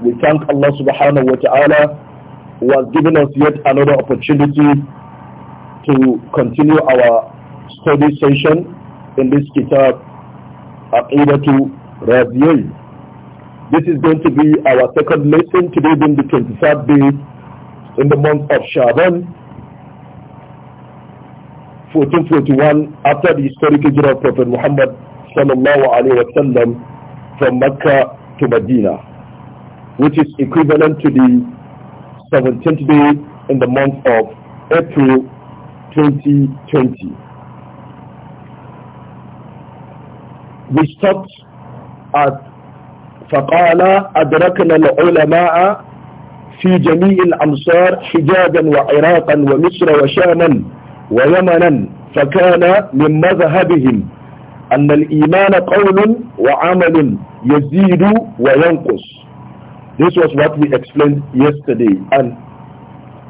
We thank Allah subhanahu wa ta'ala who has given us yet another opportunity to continue our study session in this kitab Aqidatu Raziyah. This is going to be our second lesson today being the 23rd day in the month of Shaban 1441 after the historic hijrah of Prophet Muhammad sallallahu alaihi wasallam from Mecca to Medina which is equivalent to the 17th day in the month of April 2020. We stopped at فقال أدركنا العلماء في جميع الأمصار حجازا وعراقا ومصر وشاما ويمنا فكان من مذهبهم أن الإيمان قول وعمل يزيد وينقص this was what we explained yesterday. And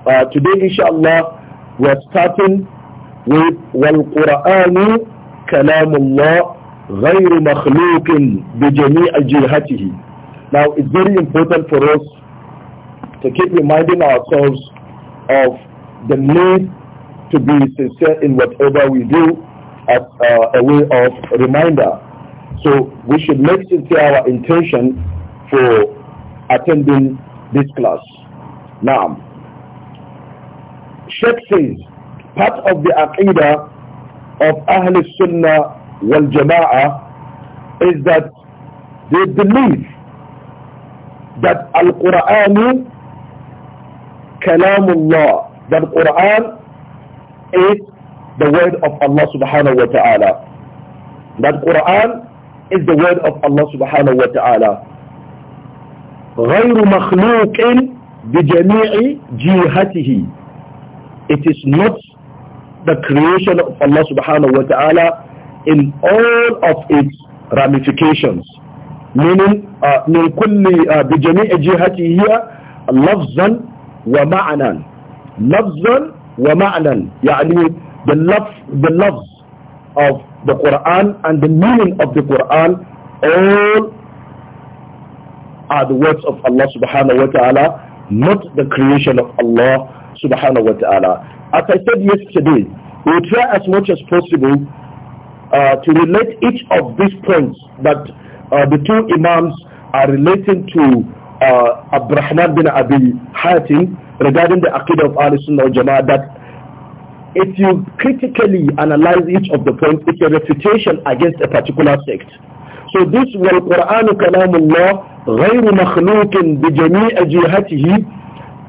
uh, today, inshallah, we're starting with وَالْقُرْآنُ كَلَامُ اللَّهِ غَيْرُ مَخْلُوقٍ بِجَمِيعَ جِهَتِهِ Now, it's very important for us to keep reminding ourselves of the need to be sincere in whatever we do as uh, a way of reminder. So we should make sincere our intention for attending this class. Now, Sheikh says, part of the aqidah of Ahl Sunnah wal Jama'ah is that they believe that Al-Quran Kalamullah, that Quran is the word of Allah subhanahu wa ta'ala. That Quran is the word of Allah subhanahu wa ta'ala. غير مخلوق بجميع جهته it is not the creation of Allah subhanahu wa ta'ala in all of its ramifications meaning uh, من كل uh, بجميع جهته هي لفظا ومعنى لفظا ومعنى يعني the love the love of the Quran and the meaning of the Quran all are the words of Allah subhanahu wa ta'ala, not the creation of Allah subhanahu wa ta'ala. As I said yesterday, we will try as much as possible uh, to relate each of these points that uh, the two Imams are relating to uh, Abrahman bin Abi Hatim regarding the Aqidah of Ahl Sunnah al Jama'ah that if you critically analyze each of the points, it's a refutation against a particular sect. So this wal Quran kalamullah غير مخلوق بجميع جهته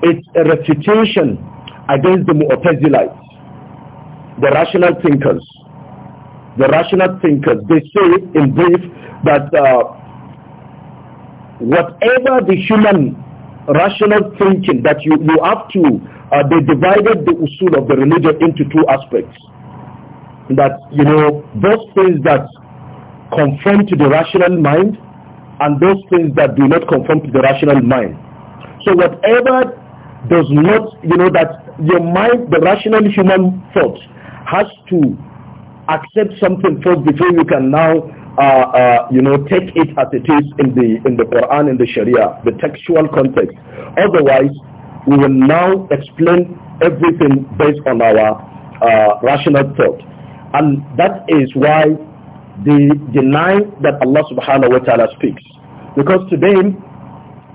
it's a refutation against the Mu'tazilites, the rational thinkers. The rational thinkers, they say in brief that uh, whatever the human rational thinking that you, you have to, uh, they divided the usul of the religion into two aspects. That, you know, those things that conform to the rational mind and those things that do not conform to the rational mind. So whatever does not, you know, that your mind, the rational human thought, has to accept something first before you can now, uh, uh, you know, take it as it is in the in the Quran and the Sharia, the textual context. Otherwise, we will now explain everything based on our uh, rational thought, and that is why the deny that Allah Subhanahu wa Taala speaks. Because to them,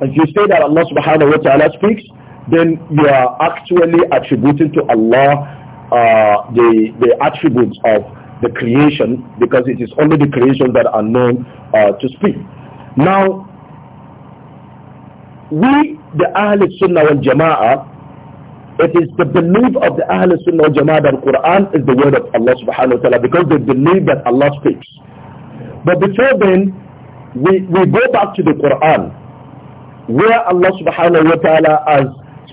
if you say that Allah subhanahu wa ta'ala speaks, then you are actually attributing to Allah uh, the, the attributes of the creation because it is only the creation that are known uh, to speak. Now, we, the Ahlul Sunnah wal Jama'ah, it is the belief of the Ahlul Sunnah wal Jama'ah that Quran is the word of Allah subhanahu wa ta'ala because they believe that Allah speaks. But before then, we, we go back to the Quran where Allah subhanahu wa ta'ala has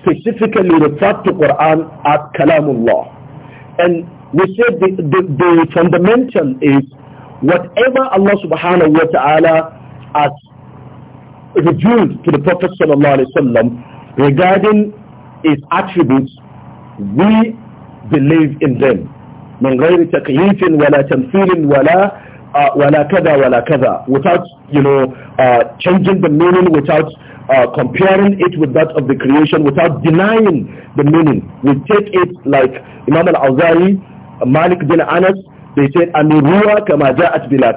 specifically referred to Quran as Kalamullah. And we said the, the, the fundamental is whatever Allah subhanahu wa ta'ala has revealed to the Prophet sallallahu alayhi wasallam regarding his attributes, we believe in them. من غير تكييف ولا تمثيل ولا uh, wala kada wala kada without you know uh, changing the meaning without uh, comparing it with that of the creation without denying the meaning we take it like Imam al Azhari, Malik bin Anas they said aniruwa kama ja'at bila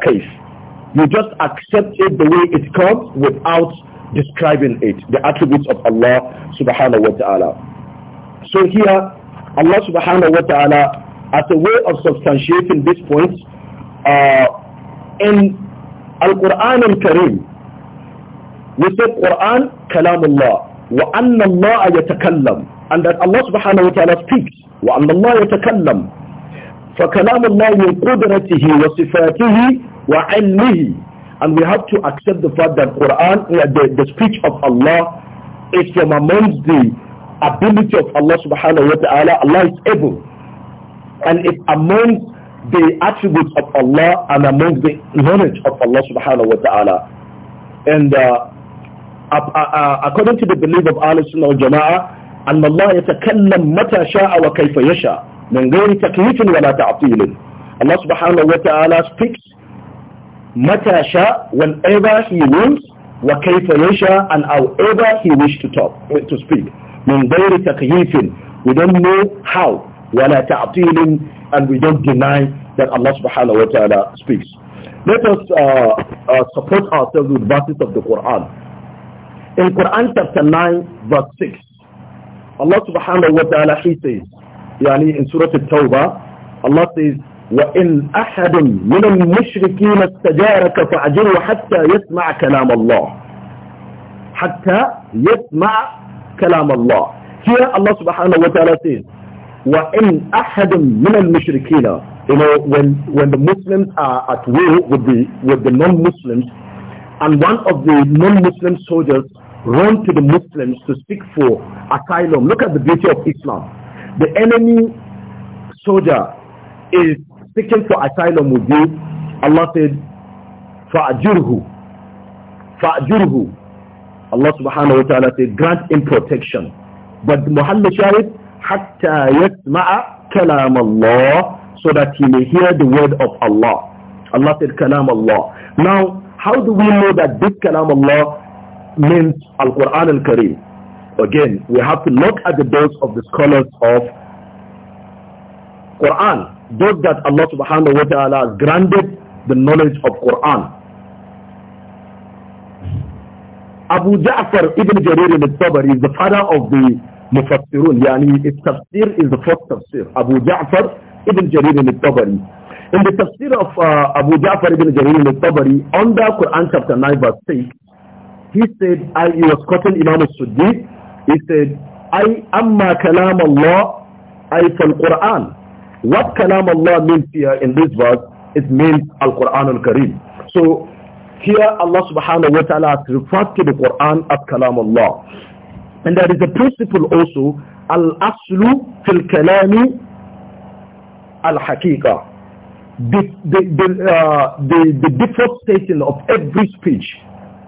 you just accept it the way it comes without describing it the attributes of Allah subhanahu wa ta'ala so here Allah subhanahu wa ta'ala as a way of substantiating this point uh, in Al-Quran Al-Karim, we said Quran, Kalamullah, wa anna Allah yatakallam, and that Allah subhanahu wa ta'ala speaks, wa anna Allah yatakallam, فكلام الله wa قدرته وصفاته and we have to accept the fact that Quran the, the speech of Allah is from amongst the ability of Allah subhanahu wa ta'ala Allah is able and it amongst the attributes of Allah and among the knowledge of Allah subhanahu wa ta'ala. And uh, uh, uh according to the belief of Allah subhanahu wa ta'ala, أن الله يتكلم متى شاء وكيف يشاء من غير تكليف ولا تعطيل. Allah subhanahu wa ta'ala speaks متى شاء whenever he wills وكيف يشاء and however he wish to talk to speak. من غير تكليف. we don't know how ولا تعطيل and we don't deny that Allah subhanahu wa ta'ala speaks. Let us uh, uh, support ourselves with verses of the Quran. In Quran chapter 9 verse 6, Allah subhanahu wa ta'ala he says, يعني in Surah At-Tawbah, Allah says, وإن أحد من المشركين استجارك فأجره حتى يسمع كلام الله حتى يسمع كلام الله Here Allah subhanahu wa ta'ala says وَإِنْ أَحَدٌ مِنَ الْمُشْرِكِينَ You know, when, when the Muslims are at war with the, with the non-Muslims, and one of the non-Muslim soldiers run to the Muslims to seek for asylum. Look at the beauty of Islam. The enemy soldier is seeking for asylum with you. Allah said, فَأَجُرْهُ فَأَجُرْهُ Allah subhanahu wa ta'ala said, grant him protection. But Muhammad Sharif hatta yasma'a kalam Allah so that he may hear the word of Allah. Allah said kalam Allah. Now, how do we know that this kalam Allah means Al-Quran Al-Kareem? Again, we have to look at the those of the scholars of Quran, those that Allah subhanahu wa ta'ala has granted the knowledge of Quran. Abu Ja'far ibn Jarir al-Tabari is the father of the مفسرون يعني التفسير is the first تفسير أبو جعفر ابن جرير الطبري In the تفسير of uh, Abu Ja'far ibn Jarir al-Tabari under Quran chapter 9 verse 6, he said, I, he was quoting Imam al-Suddi, he said, I أما كلام الله أي fal Quran. What كلام الله means here in this verse, it means القرآن الكريم So here Allah subhanahu wa ta'ala has referred to the Quran as kalam Allah. And there is a principle also, al-aslu fil kalami al-haqiqa. The, the, the, uh, the, the default setting of every speech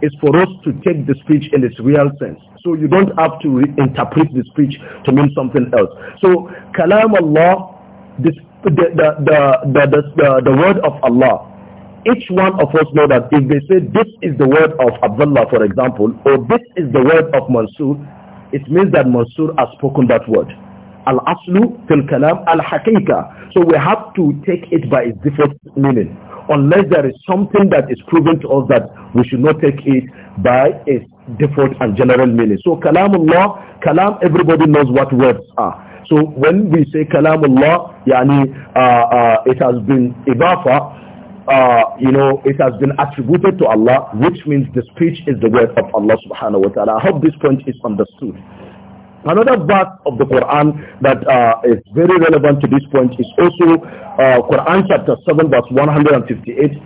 is for us to take the speech in its real sense. So you don't have to interpret the speech to mean something else. So kalam Allah, this, the, the, the, the, the word of Allah, each one of us know that if they say this is the word of Abdullah, for example, or this is the word of Mansur, it means that Mansur has spoken that word. Al-aslu fil kalam al-haqiqa. So we have to take it by its different meaning. Unless there is something that is proven to us that we should not take it by its default and general meaning. So kalamullah, kalam, everybody knows what words are. So when we say kalamullah, yani, uh, uh, it has been ibafa uh, you know, it has been attributed to Allah, which means the speech is the word of Allah subhanahu wa ta'ala. I hope this point is understood. Another verse of the Quran that uh, is very relevant to this point is also uh, Quran chapter 7 verse 158,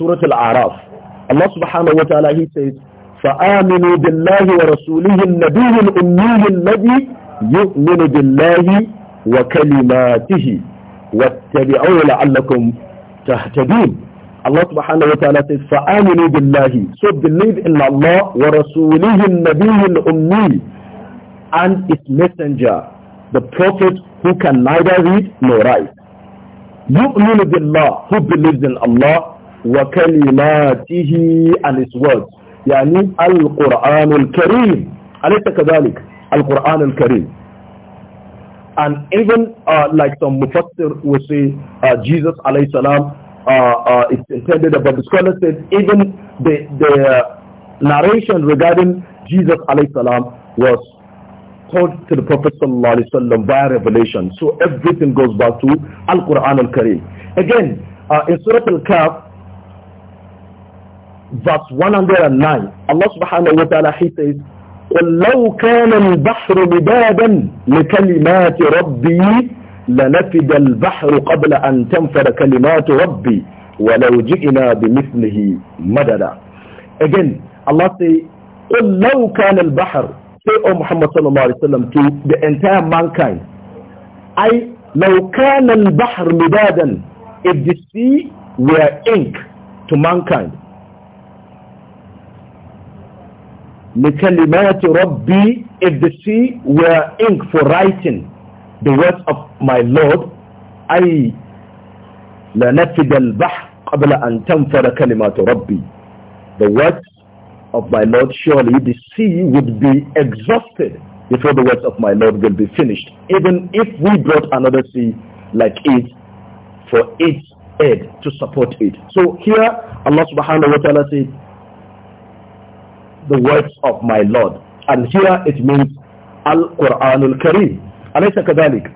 Surah Al-Araf. Allah subhanahu wa ta'ala, he says, فَآمِنُوا بِاللَّهِ وَرَسُولِهِ النَّبِيِّ الْأُمِّيِّ الَّذِي يُؤْمِنُ بِاللَّهِ وَكَلِمَاتِهِ وَاتَّبِعُوا لَعَلَّكُمْ تَهْتَدُونَ Allah subhanahu wa ta'ala says, فَآمِنُوا بِاللَّهِ So believe in Allah وَرَسُولِهِ النَّبِيِّ الْأُمِّي And its messenger, the prophet who can neither read nor write. يُؤْمِنُ بِاللَّهِ Who believes in Allah وَكَلِمَاتِهِ And his words. يعني القرآن الكريم أليس كذلك القرآن الكريم and even uh, like some mufassir will say uh, Jesus alayhi salam uh, uh it's intended about. The scholar said even the, the uh, narration regarding Jesus alayhi salam was told to the Prophet sallallahu alayhi wasallam by revelation. So everything goes back to Al-Quran al-Kareem. Again, uh, in Surah Al-Kahf, verse 109, Allah subhanahu wa ta'ala, he says, قل كان البحر مدادا لكلمات ربي لنفد البحر قبل أن تنفر كلمات ربي ولو جئنا بمثله مددا again Allah say قل لو كان البحر say O Muhammad صلى الله عليه وسلم to the entire mankind I لو كان البحر مدادا if the sea were ink to mankind لكلمات ربي if the sea were ink for writing the words of my Lord, I لنفد البحر قبل أن تنفر كلمات ربي. The words of my Lord, surely the sea would be exhausted before the words of my Lord will be finished, even if we brought another sea like it for its aid, to support it. So here Allah subhanahu wa ta'ala said, the words of my Lord. And here it means al Quran Al Kareem. Alaysa kadhalik.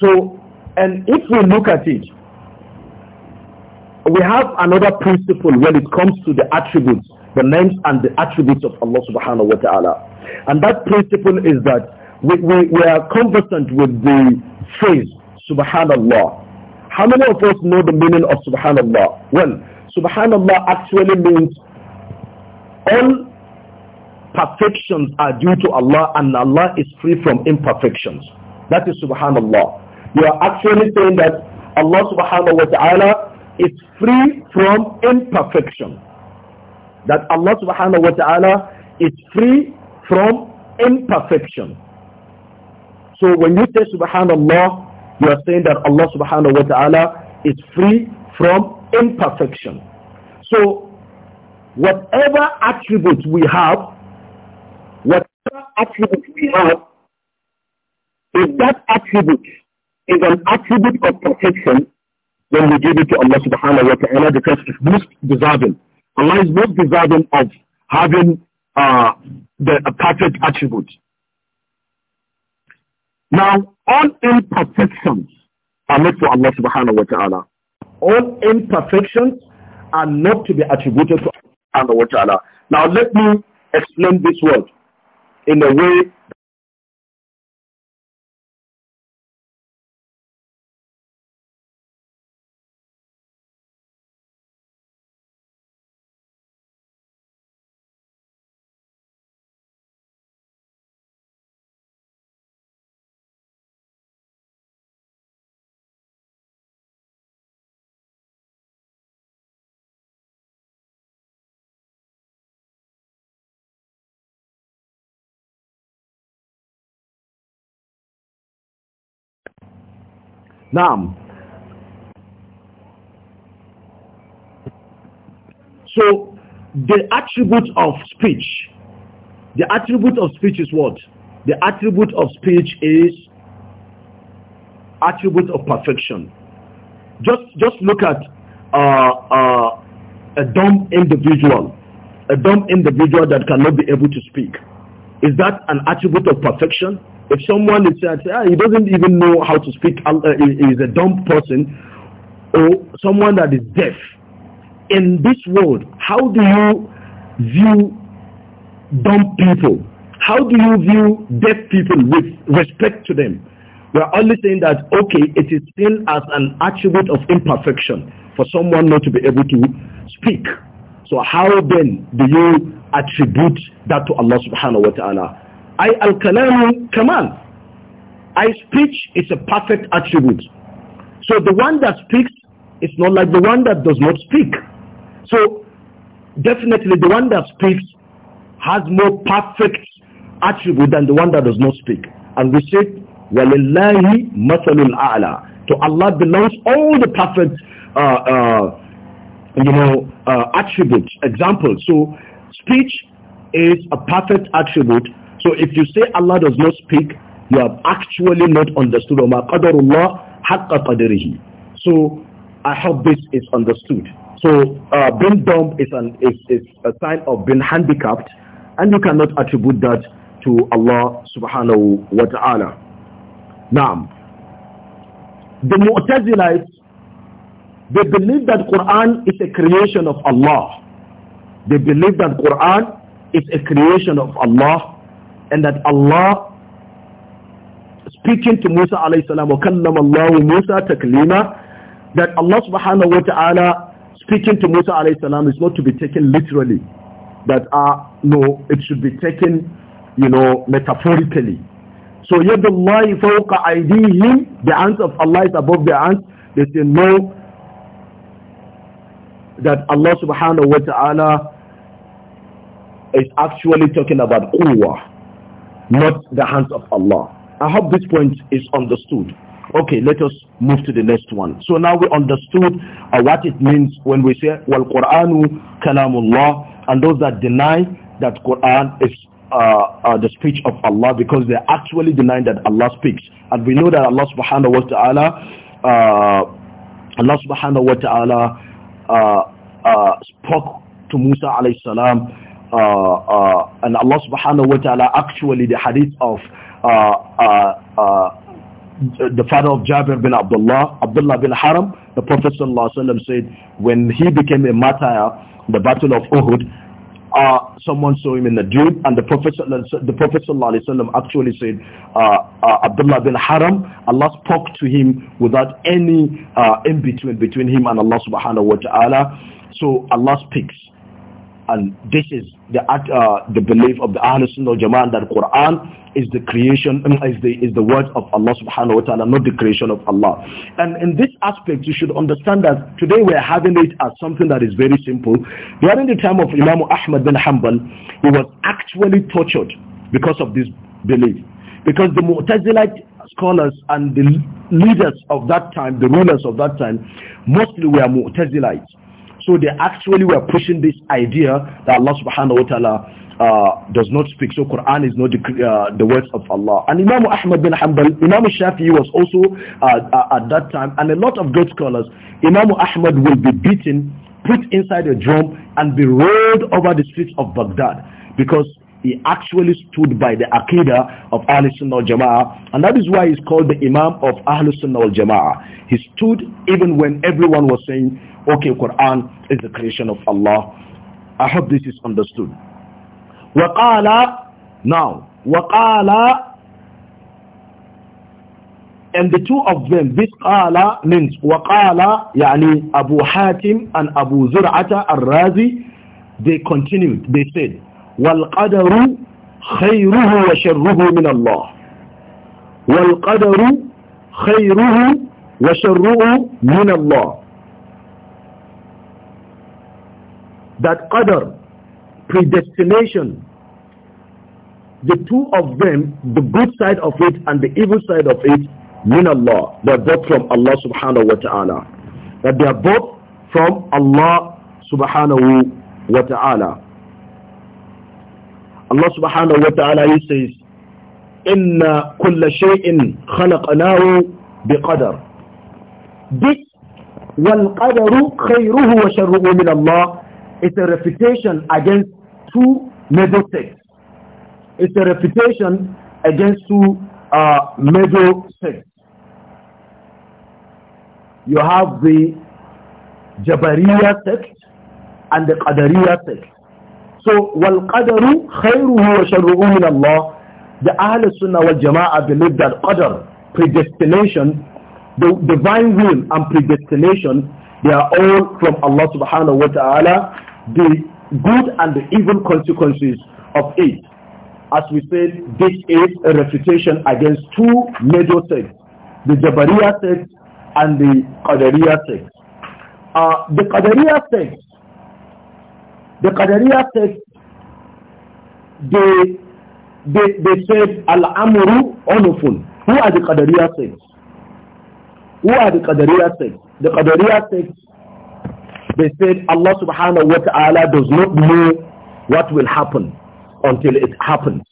So, and if we look at it, we have another principle when it comes to the attributes, the names and the attributes of Allah subhanahu wa ta'ala. And that principle is that we, we, we are conversant with the phrase, subhanallah. How many of us know the meaning of subhanallah? Well, subhanallah actually means all perfections are due to Allah and Allah is free from imperfections. That is subhanallah. You are actually saying that Allah subhanahu wa ta'ala is free from imperfection. That Allah subhanahu wa ta'ala is free from imperfection. So when you say subhanallah, you are saying that Allah subhanahu wa ta'ala is free from imperfection. So whatever attributes we have, attribute we have, if that attribute is an attribute of protection, then we give it to Allah subhanahu wa ta'ala because it's most deserving. Allah is most deserving of having uh, the a perfect attribute. Now, all imperfections are not for Allah subhanahu wa ta'ala. All imperfections are not to be attributed to Allah subhanahu wa ta'ala. Now, let me explain this word in a way Now, so the attribute of speech, the attribute of speech is what? The attribute of speech is attribute of perfection. Just just look at uh, uh, a dumb individual, a dumb individual that cannot be able to speak. Is that an attribute of perfection? If someone is uh, said, ah, he doesn't even know how to speak, um, uh, he is a dumb person, or someone that is deaf, in this world, how do you view dumb people? How do you view deaf people with respect to them? We are only saying that, okay, it is seen as an attribute of imperfection for someone not to be able to speak. So how then do you attribute that to Allah subhanahu wa ta'ala? I al-kalamu kamal. I speech is a perfect attribute. So the one that speaks is not like the one that does not speak. So definitely the one that speaks has more perfect attribute than the one that does not speak. And we said, وَلِلَّهِ مَثَلُ الْأَعْلَى To Allah belongs all the perfect, uh, uh, you know, uh, attributes, examples. So speech is a perfect attribute so if you say Allah does not speak, you have actually not understood So I hope this is understood. So uh, being dumb is, an, is, is a sign of being handicapped and you cannot attribute that to Allah subhanahu wa ta'ala. Now, the Mu'tazilites, they believe that Quran is a creation of Allah. They believe that Quran is a creation of Allah and that Allah speaking to Musa alayhi salam وَكَلَّمَ اللَّهُ مُوسَى تَكْلِيمًا that Allah subhanahu wa ta'ala speaking to Musa alayhi salam is not to be taken literally that uh, no it should be taken you know metaphorically so Allah fawqa aydihim the hands of Allah is above their hands they say no that Allah subhanahu wa ta'ala is actually talking about quwwah not the hands of Allah. I hope this point is understood. Okay, let us move to the next one. So now we understood uh, what it means when we say wal Quranu kalamullah and those that deny that Quran is uh, uh, the speech of Allah because they're actually denying that Allah speaks. And we know that Allah subhanahu wa ta'ala uh, Allah subhanahu wa ta'ala uh, uh, spoke to Musa alayhi salam uh, uh, and Allah subhanahu wa ta'ala actually the hadith of uh, uh, the father of Jabir bin Abdullah, Abdullah bin Haram, the Prophet sallallahu alaihi wasallam said when he became a martyr, the battle of Uhud, uh, someone saw him in the dream and the Prophet, the Prophet ﷺ actually said, uh, uh, Abdullah bin Haram, Allah spoke to him without any in-between between him and Allah subhanahu wa ta'ala. So Allah speaks. And this is the uh, the belief of the Ahl Sunnah Jama'an that Quran is the creation is the is the word of Allah Subhanahu wa Taala, not the creation of Allah. And in this aspect, you should understand that today we are having it as something that is very simple. During the time of Imam Ahmad bin Hanbal, he was actually tortured because of this belief, because the Mu'tazilite scholars and the leaders of that time, the rulers of that time, mostly were Mu'tazilites so they actually were pushing this idea that Allah subhanahu wa ta'ala uh, does not speak. So Quran is not the, uh, the words of Allah. And Imam Ahmad bin Hanbal, Imam Shafi'i was also uh, uh at that time, and a lot of great scholars, Imam Ahmad will be beaten, put inside a drum, and be rolled over the streets of Baghdad because he actually stood by the Aqidah of Ahl Sunnah Al Jama'ah and that is why he's called the Imam of Ahl Sunnah Al Jama'ah. He stood even when everyone was saying okay, Quran is the creation of Allah. I hope this is understood. Waqala Now, waqala, And the two of them, this waqala means waqala, يعني Abu Hatim and Abu Zur'ata al-Razi, they continued, they said, وَالْقَدَرُ خَيْرُهُ وَشَرُّهُ مِنَ اللَّهِ وَالْقَدَرُ خَيْرُهُ وَشَرُّهُ مِنَ اللَّهِ that qadr, predestination, the two of them, the good side of it and the evil side of it, min Allah. They are both from Allah subhanahu wa ta'ala. That they are both from Allah subhanahu wa ta'ala. Allah subhanahu wa ta'ala says, Inna kulla shay'in khalaqnahu biqadar. This wal qadaru khayruhu wa sharruhu min Allah it's a refutation against two major sects. It's a refutation against two uh, major sects. You have the Jabariya sect and the Qadariya sect. So, وَالْقَدَرُ خَيْرُهُ وَشَرُّهُ مِنَ اللَّهِ The Ahlul Sunnah wal Jama'ah believe that Qadr, predestination, the divine will and predestination they are all from Allah subhanahu wa ta'ala. The good and the evil consequences of it. As we said, this is a refutation against two major sects, the Jabariya sect and the Qadariya sect. Uh, the Qadariya sect, the Qadariya sect, they, they, they said Al-Amru Onufun. Who are the Qadariya sects? Who are the Qadariya sects? The Qadariya says, they said Allah subhanahu wa ta'ala does not know what will happen until it happens.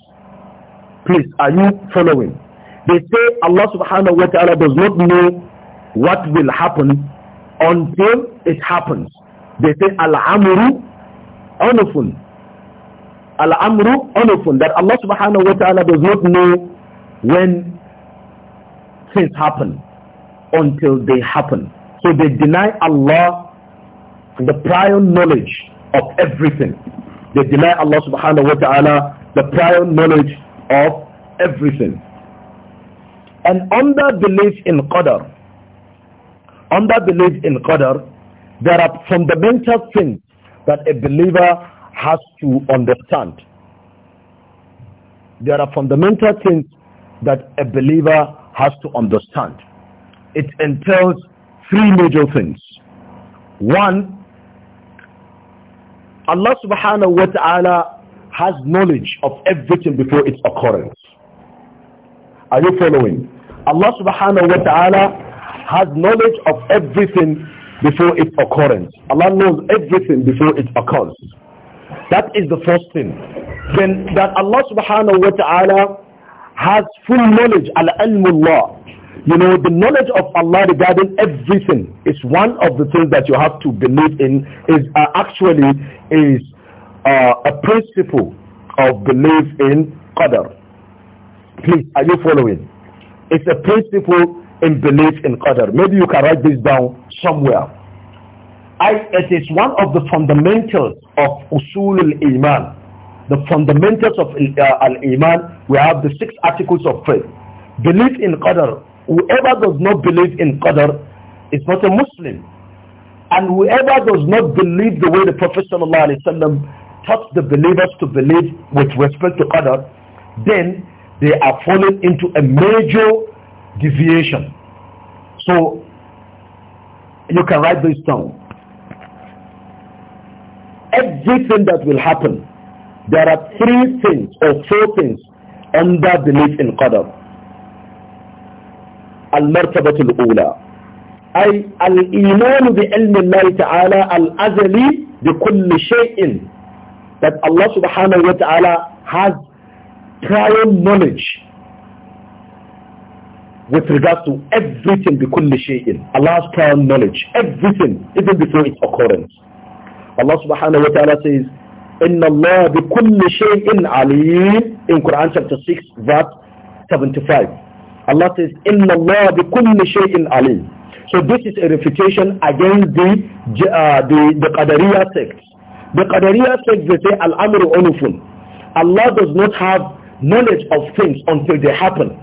Please, are you following? They say Allah subhanahu wa ta'ala does not know what will happen until it happens. They say Al-Amru Anufun. Al-Amru Anufun. That Allah subhanahu wa ta'ala does not know when things happen until they happen. So they deny Allah the prior knowledge of everything. They deny Allah subhanahu wa ta'ala the prior knowledge of everything. And under belief in Qadr, under belief in Qadr, there are fundamental things that a believer has to understand. There are fundamental things that a believer has to understand. It entails three major things. One, Allah subhanahu wa ta'ala has knowledge of everything before its occurrence. Are you following? Allah subhanahu wa ta'ala has knowledge of everything before its occurrence. Allah knows everything before it occurs. That is the first thing. Then that Allah subhanahu wa ta'ala has full knowledge, al-ilmullah, you know, the knowledge of Allah regarding everything is one of the things that you have to believe in is uh, actually is uh, a principle of belief in Qadr. Please, are you following? It's a principle in belief in Qadr. Maybe you can write this down somewhere. I, it is one of the fundamentals of usul al-iman. The fundamentals of uh, al-iman, we have the six articles of faith. Belief in Qadr whoever does not believe in Qadr is not a Muslim. And whoever does not believe the way the Prophet taught the believers to believe with respect to Qadr, then they are falling into a major deviation. So you can write this down. Everything that will happen, there are three things or four things under belief in Qadr. المرتبة الأولى أي الإيمان بعلم الله تعالى الأزلي بكل شيء that Allah subhanahu wa ta'ala has prior knowledge with regards to everything بكل شيء Allah has prior knowledge everything even before its occurrence Allah subhanahu wa ta'ala says إن الله بكل شيء عليم in Quran chapter 6 verse 75 Allah says, Inna Allah bikulli shay'in alim. So this is a refutation against the uh, the, the Qadariya sect. The Qadariya sect they say Al-Amru Unufun. Allah does not have knowledge of things until they happen.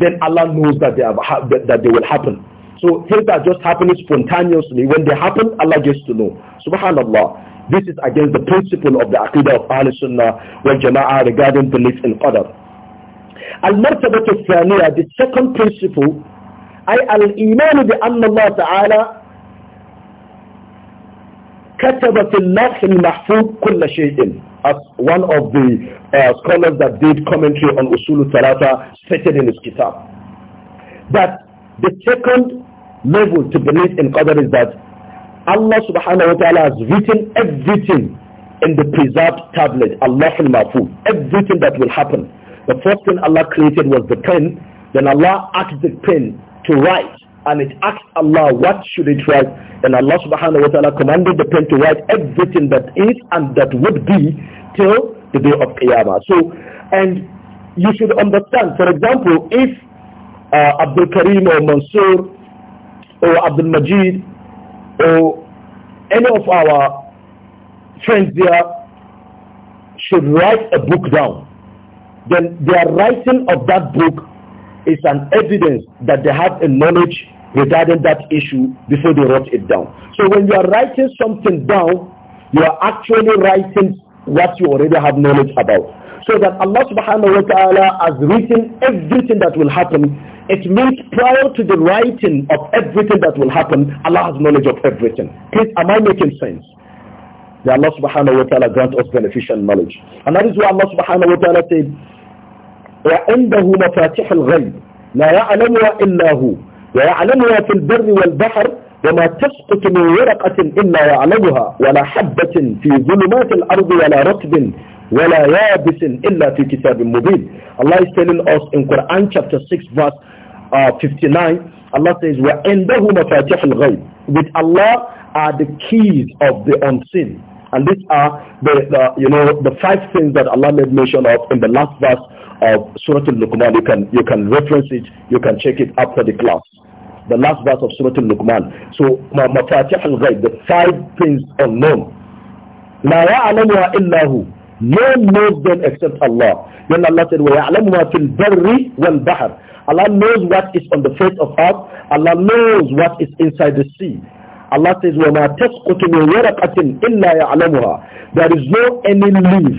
Then Allah knows that they, have, that they will happen. So things are just happening spontaneously. When they happen, Allah gets to know. Subhanallah. This is against the principle of the Aqidah of Ahl Sunnah wal Jama'ah regarding belief in Qadr. المرتبة الثانية the second principle أي الإيمان بأن الله تعالى كتب في اللوح المحفوظ كل شيء as one of the uh, scholars that did commentary on Usul Talata stated in his kitab that the second level to believe in Qadr is that Allah subhanahu wa ta'ala has written everything in the preserved tablet, Allah al mafu everything that will happen the first thing Allah created was the pen. Then Allah asked the pen to write. And it asked Allah, what should it write? And Allah subhanahu wa ta'ala commanded the pen to write everything that is and that would be till the day of Qiyamah. So, and you should understand, for example, if uh, Abdul Karim or Mansur or Abdul Majid or any of our friends there should write a book down then their writing of that book is an evidence that they have a knowledge regarding that issue before they wrote it down. So when you are writing something down, you are actually writing what you already have knowledge about. So that Allah subhanahu wa ta'ala has written everything that will happen. It means prior to the writing of everything that will happen, Allah has knowledge of everything. Please, am I making sense? That Allah subhanahu wa ta'ala grant us beneficial knowledge. And that is why Allah subhanahu wa ta'ala said, وعنده مفاتيح الغيب لا يعلمها إلا هو ويعلمها في البر والبحر وما تسقط من ورقة إلا يعلمها ولا حبة في ظلمات الأرض ولا رطب ولا يابس إلا في كتاب مبين Allah is telling us in Quran chapter 6 verse uh, 59 Allah says وعنده مفاتيح الغيب With Allah are the keys of the unseen and these are the, the, you know, the five things that Allah made mention of in the last verse of Surah Al-Luqman. You can, you can reference it. You can check it after the class. The last verse of Surah Al-Luqman. So, Mafatih al-Ghaib, the five things unknown. لا يعلمها إلا هو no one knows them except Allah. Then Allah said, وَيَعْلَمُ مَا فِي الْبَرِّ وَالْبَحْرِ Allah knows what is on the face of earth. Allah knows what is inside the sea. Allah says, وَمَا تَسْقُطُ مِنْ وَرَقَةٍ إِلَّا يَعْلَمُهَا There is no any leaf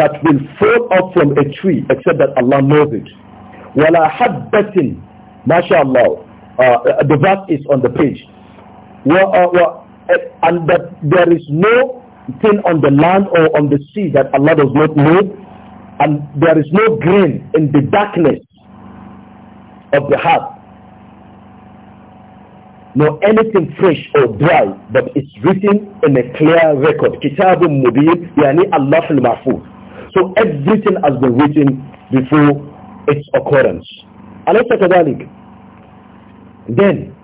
that will fall off from a tree except that Allah knows it. وَلَا حَبَّةٍ MashaAllah. Uh, the verse is on the page. Uh, uh, and that there is no thing on the land or on the sea that Allah does not know. And there is no grain in the darkness of the heart nor anything fresh or dry, but it's written in a clear record. Kitabun Mubin, yani Allah al Mahfuz. So everything has been written before its occurrence. Alaysa kadalik. Then,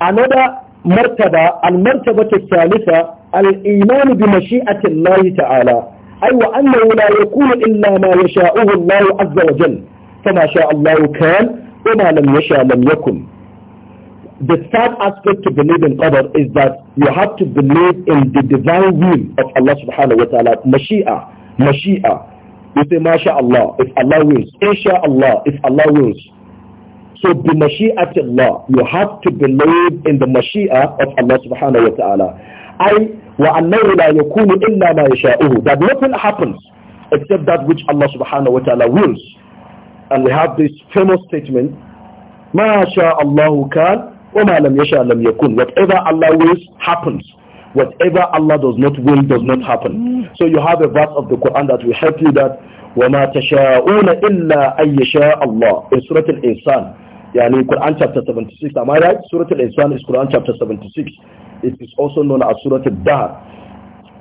another martaba, al-martaba al-thalitha, al-iman bi mashi'ati Allah ta'ala. أي وأنه لا يكون إلا ما يشاءه الله عز وجل فما شاء الله كان وما لم يشاء لم يكن the third aspect to believe in Qadr is that you have to believe in the divine will of Allah subhanahu wa ta'ala. Mashi'a, Mashi'a. You say, MashaAllah, if Allah wills. InshaAllah, if Allah wills. So the Mashi'at Allah, you have to believe in the Mashi'a of Allah subhanahu wa ta'ala. I, وَأَنَّهُ لَا يَكُونُ إِلَّا مَا يَشَاءُهُ That nothing happens except that which Allah subhanahu wa ta'ala wills. And we have this famous statement, مَا شَاءَ اللَّهُ كَانَ Whatever Allah wills happens. Whatever Allah does not will does not happen. So you have a verse of the Quran that will help you that وَمَا تَشَاءُونَ إِلَّا أَن يَشَاءَ اللَّهُ in Surah Al-Insan. Yani Quran chapter 76. Am I right? Surah Al-Insan is Quran chapter 76. It is also known as Surah Al-Dahr.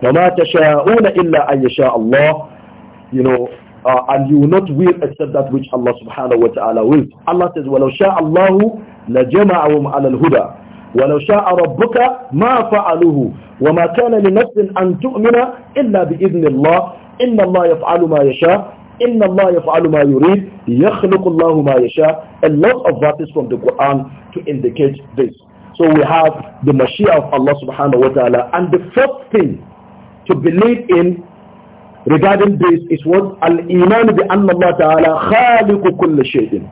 وَمَا تَشَاءُونَ إِلَّا أَن يَشَاءَ اللَّهُ You know, uh, and you will not will except that which Allah subhanahu wa ta'ala wills. Allah says, وَلَوْ شَاءَ اللَّهُ لَجَمَعَهُمْ عَلَى الْهُدَى ولو شاء ربك ما فعلوه وما كان لنفس أن تؤمن إلا بإذن الله إن الله يفعل ما يشاء إن الله يفعل ما يريد يخلق الله ما يشاء a lot of verses from the Quran to indicate this so we have the Mashiach of Allah subhanahu wa ta'ala and the first thing to believe in regarding this is what al-iman bi anna Allah ta'ala khaliqu kulli shay'in.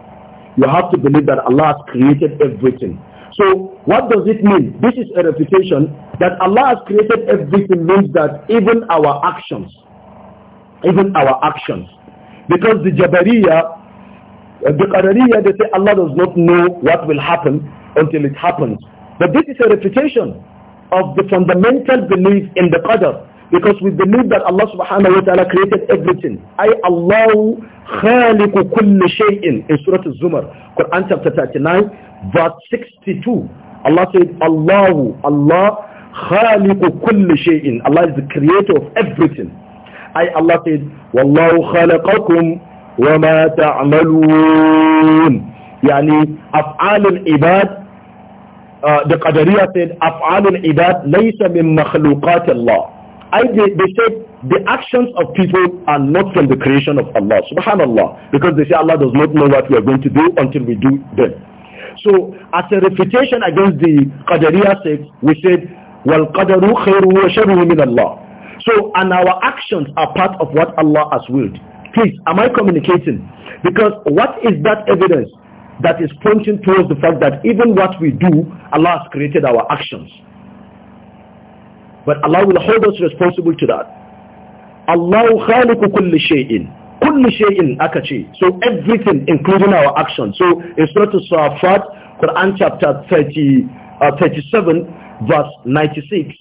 You have to believe that Allah has created everything. So what does it mean? This is a refutation that Allah has created everything means that even our actions, even our actions, because the Jabariya, uh, the Qadariya, they say Allah does not know what will happen until it happens. But this is a refutation of the fundamental belief in the Qadr because we believe that Allah subhanahu wa ta'ala created everything. I Allah khaliqu kulli shay'in in Surah Al-Zumar, Quran chapter 39, verse 62. Allah said, Allahu, Allah khaliqu kulli shay'in. Allah is the creator of everything. I Allah said, Wallahu khalaqakum wa ma ta'malun. يعني أفعال العباد the Qadariya said أفعال ibad ليس من مخلوقات الله I, they, they said the actions of people are not from the creation of Allah, subhanallah, because they say Allah does not know what we are going to do until we do them. So as a refutation against the Qadariya sect, we said, وَالْقَدَرُ خَيْرُهُ وَشَرُهُ مِنَ اللَّهِ So, and our actions are part of what Allah has willed. Please, am I communicating? Because what is that evidence that is pointing towards the fact that even what we do, Allah has created our actions. But Allah will hold us responsible to that. Allahu khaliqu kulli shay'in. Kulli shay'in akachi. So everything including our actions. So in Surah Safat, Quran chapter 30, uh, 37 verse 96.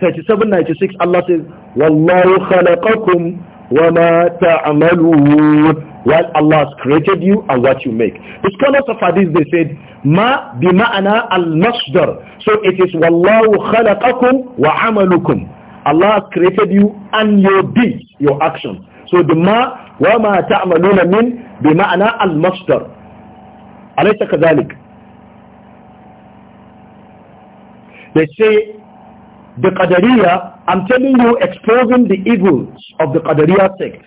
37, 96 Allah says, Wallahu khalaqakum wa ma ta'amalun while Allah has created you and what you make. The scholars of hadith, they said, ma bima'ana al-masdar. So it is wallahu khalaqakum wa amalukum. Allah has created you and your deeds, your actions. So the ma wa ma ta'amaluna min bima'ana al-masdar. Alaysa kadhalik. They say, the Qadariya, I'm telling you, exposing the evils of the Qadariya sect.